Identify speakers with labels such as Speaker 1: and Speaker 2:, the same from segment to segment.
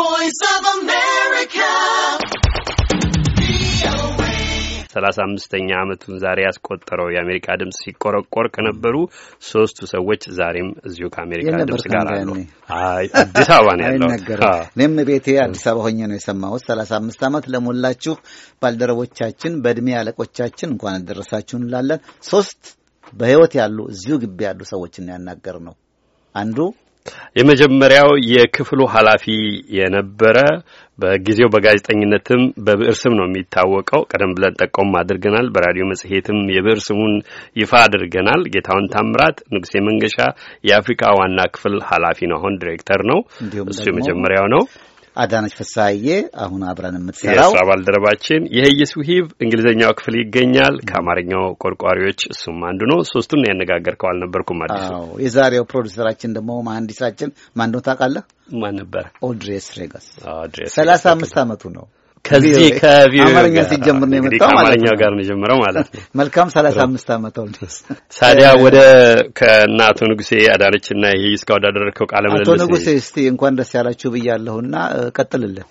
Speaker 1: voice of America.
Speaker 2: ሰላሳ አምስተኛ ዓመቱን ዛሬ ያስቆጠረው የአሜሪካ ድምፅ ሲቆረቆር ከነበሩ ሶስቱ ሰዎች ዛሬም እዚሁ ከአሜሪካ ድምፅ ጋር አሉ። አዲስ አበባ ነው ያለው።
Speaker 3: እኔም ቤቴ አዲስ አበባ ሆኜ ነው የሰማሁት። ሰላሳ አምስት ዓመት ለሞላችሁ ባልደረቦቻችን፣ በእድሜ አለቆቻችን እንኳን አደረሳችሁ እንላለን። ሶስት በህይወት ያሉ እዚሁ ግቢ ያሉ ሰዎችን ያናገር ነው አንዱ የመጀመሪያው የክፍሉ ኃላፊ
Speaker 2: የነበረ በጊዜው በጋዜጠኝነትም በብዕር ስም ነው የሚታወቀው። ቀደም ብለን ጠቆም አድርገናል። በራዲዮ መጽሔትም የብዕር ስሙን ይፋ አድርገናል። ጌታውን ታምራት ንጉሴ መንገሻ የአፍሪካ ዋና ክፍል ኃላፊ ነው። አሁን ዲሬክተር ነው።
Speaker 3: እሱ የመጀመሪያው ነው። አዳነች ፍሳዬ አሁን አብረን የምትሰራው
Speaker 2: ባልደረባችን የህይስ ውሂብ እንግሊዝኛው ክፍል ይገኛል። ከአማርኛው ቆርቋሪዎች እሱም አንዱ ነው። ሶስቱን ያነጋገርከው አልነበርኩም? አዲሱ
Speaker 3: የዛሬው ፕሮዲሰራችን ደግሞ መሀንዲሳችን ማን ነው ታውቃለህ? ማን ነበር? ኦድሬስ ሬጋስ ሰላሳ አምስት አመቱ ነው። ከዚህ ከቪኦኤ አማርኛ ሲጀምር ነው የመጣው ማለት ነው። ጋር
Speaker 2: ነው የጀመረው ማለት
Speaker 3: ነው። መልካም 35 አመት ወልደስ ሳዲያ ወደ
Speaker 2: ከአቶ ንጉሴ አዳነችና ይሄ እስካሁን ያደረግከው ቃለ ምልልስ አቶ ንጉሴ
Speaker 3: እስቲ እንኳን ደስ ያላችሁ ብያለሁና ቀጥልልን።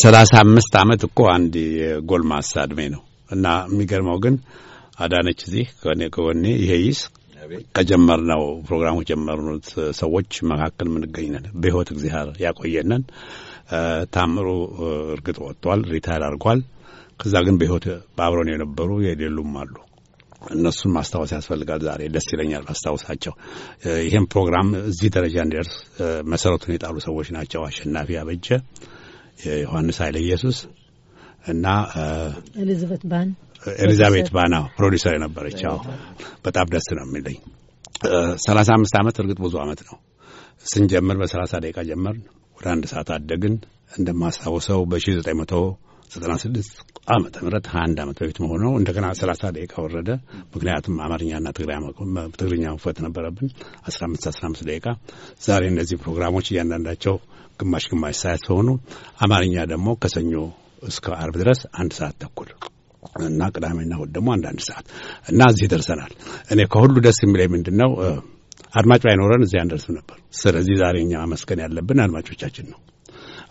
Speaker 1: 35 አመት እኮ አንድ የጎልማሳ እድሜ ነው እና የሚገርመው ግን አዳነች እዚህ ከኔ ከወኔ ይሄ ይስ ከጀመርነው ፕሮግራሙ ጀመርኑት ሰዎች መካከል የምንገኝ ነን። በሕይወት እግዚአብሔር ያቆየነን። ታምሩ እርግጥ ወጥቷል፣ ሪታይር አድርጓል። ከዛ ግን በህይወት በአብረን የነበሩ የሌሉም አሉ። እነሱን ማስታወስ ያስፈልጋል። ዛሬ ደስ ይለኛል አስታውሳቸው። ይህም ፕሮግራም እዚህ ደረጃ እንዲደርስ መሰረቱን የጣሉ ሰዎች ናቸው። አሸናፊ አበጀ፣ ዮሐንስ ኃይለ ኢየሱስ እና
Speaker 4: ኤሊዛቤት ባን
Speaker 1: ኤሊዛቤት ባና ፕሮዲሰር የነበረች በጣም ደስ ነው የሚለኝ። ሰላሳ አምስት ዓመት እርግጥ ብዙ ዓመት ነው። ስንጀምር በሰላሳ ደቂቃ ጀመር፣ ወደ አንድ ሰዓት አደግን። እንደማስታውሰው በሺ ዘጠኝ መቶ ዘጠና ስድስት ዓመተ ምህረት ሀያ አንድ ዓመት በፊት መሆኑ ነው። እንደገና ሰላሳ ደቂቃ ወረደ። ምክንያቱም አማርኛና ትግርኛ መክፈት ነበረብን። አስራ አምስት አስራ አምስት ደቂቃ ዛሬ እነዚህ ፕሮግራሞች እያንዳንዳቸው ግማሽ ግማሽ ሰዓት ሲሆኑ አማርኛ ደግሞ ከሰኞ እስከ አርብ ድረስ አንድ ሰዓት ተኩል እና ቅዳሜና እሑድ ደግሞ አንዳንድ ሰዓት እና እዚህ ደርሰናል። እኔ ከሁሉ ደስ የሚለኝ ምንድን ነው አድማጭ ባይኖረን እዚህ አንደርስም ነበር። ስለዚህ ዛሬ እኛ ማመስገን ያለብን አድማጮቻችን ነው።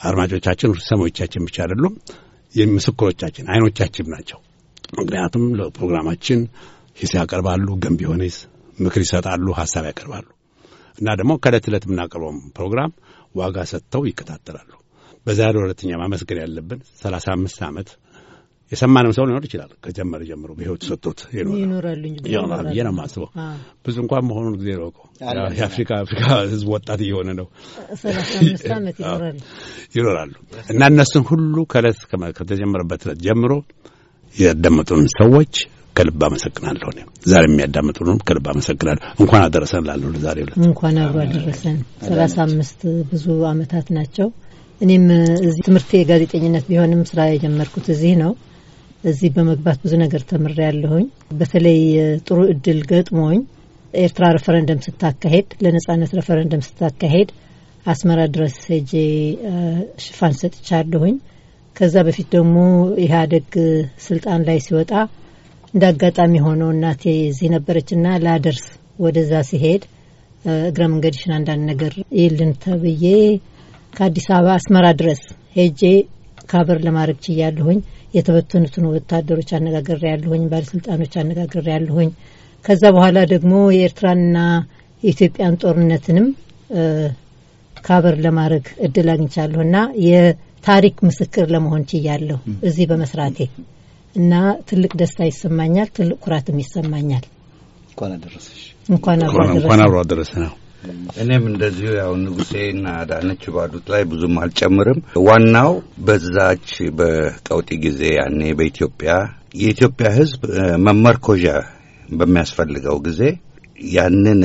Speaker 1: አድማጮቻችን ሰሞቻችን ብቻ አይደሉም፣ ምስክሮቻችን አይኖቻችን ናቸው። ምክንያቱም ለፕሮግራማችን ሂስ ያቀርባሉ፣ ገንቢ የሆነ ሂስ ምክር ይሰጣሉ፣ ሀሳብ ያቀርባሉ እና ደግሞ ከእለት ዕለት የምናቀርበውም ፕሮግራም ዋጋ ሰጥተው ይከታተላሉ። በዛሬ ሁለተኛ ማመስገን ያለብን ሰላሳ አምስት ዓመት የሰማንም ሰው ሊኖር ይችላል። ከጀመረ ጀምሮ በህይወት ሰጥቶት
Speaker 4: ይኖራል ብዬ ነው የማስበው።
Speaker 1: ብዙ እንኳን መሆኑን ጊዜ ረውቀው የአፍሪካ አፍሪካ ህዝብ ወጣት እየሆነ ነው ይኖራሉ እና እነሱን ሁሉ ከእለት ከተጀመረበት እለት ጀምሮ ያዳመጡን ሰዎች ከልብ አመሰግናለሁ። ዛሬ የሚያዳምጡንም ከልብ አመሰግናለሁ። እንኳን አደረሰን ላሉ
Speaker 4: ዛሬ ዕለት እንኳን አብሮ አደረሰን። ሰላሳ አምስት ብዙ አመታት ናቸው። እኔም እዚህ ትምህርቴ ጋዜጠኝነት ቢሆንም ስራ የጀመርኩት እዚህ ነው። እዚህ በመግባት ብዙ ነገር ተምር ያለሁኝ። በተለይ ጥሩ እድል ገጥሞኝ ኤርትራ ሬፈረንደም ስታካሄድ፣ ለነጻነት ሬፈረንደም ስታካሄድ አስመራ ድረስ ሄጄ ሽፋን ሰጥቻለሁኝ። ከዛ በፊት ደግሞ ኢህአዴግ ስልጣን ላይ ሲወጣ እንደ አጋጣሚ ሆነው እናቴ እዚህ ነበረችና ላደርስ ወደዛ ሲሄድ እግረ መንገድሽን አንዳንድ ነገር ይልን ተብዬ ከአዲስ አበባ አስመራ ድረስ ሄጄ ካበር ለማድረግ ችያለሁኝ። የተበተኑትን ወታደሮች አነጋግሬ ያለሁኝ፣ ባለስልጣኖች አነጋግሬ ያለሁኝ። ከዛ በኋላ ደግሞ የኤርትራና የኢትዮጵያን ጦርነትንም ካበር ለማድረግ እድል አግኝቻለሁ እና የታሪክ ምስክር ለመሆን ችያለሁ እዚህ በመስራቴ እና ትልቅ ደስታ ይሰማኛል፣ ትልቅ ኩራትም ይሰማኛል። እንኳን አብሮ
Speaker 5: አደረሰ ነው እኔም እንደዚሁ ያው ንጉሴና አዳነች ባሉት ላይ ብዙም አልጨምርም። ዋናው በዛች በቀውጢ ጊዜ ያኔ በኢትዮጵያ የኢትዮጵያ ሕዝብ መመርኮዣ በሚያስፈልገው ጊዜ ያንን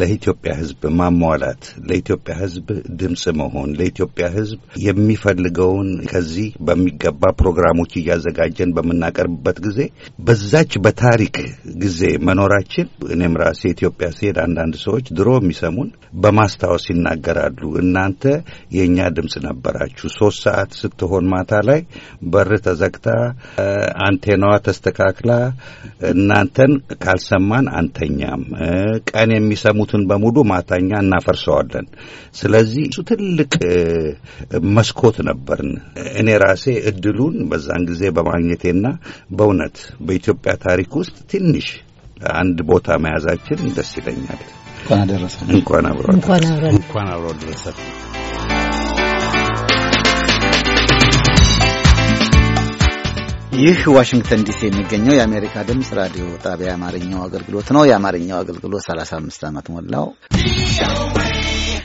Speaker 5: ለኢትዮጵያ ሕዝብ ማሟላት ለኢትዮጵያ ሕዝብ ድምፅ መሆን ለኢትዮጵያ ሕዝብ የሚፈልገውን ከዚህ በሚገባ ፕሮግራሞች እያዘጋጀን በምናቀርብበት ጊዜ በዛች በታሪክ ጊዜ መኖራችን እኔም ራሴ ኢትዮጵያ ስሄድ አንዳንድ ሰዎች ድሮ የሚሰሙን በማስታወስ ይናገራሉ። እናንተ የእኛ ድምፅ ነበራችሁ። ሶስት ሰዓት ስትሆን ማታ ላይ በር ተዘግታ አንቴናዋ ተስተካክላ እናንተን ካልሰማን አንተኛም ቀን የሚሰሙትን በሙሉ ማታኛ እናፈርሰዋለን። ስለዚህ እሱ ትልቅ መስኮት ነበርን። እኔ ራሴ እድሉን በዛን ጊዜ በማግኘቴና በእውነት በኢትዮጵያ ታሪክ ውስጥ ትንሽ አንድ ቦታ መያዛችን ደስ ይለኛል። እንኳን አደረሰ።
Speaker 3: እንኳን አብሮ
Speaker 1: እንኳን
Speaker 5: አብሮ ደረሰ።
Speaker 3: ይህ ዋሽንግተን ዲሲ የሚገኘው የአሜሪካ ድምፅ ራዲዮ ጣቢያ የአማርኛው አገልግሎት ነው። የአማርኛው አገልግሎት 35 ዓመት ሞላው።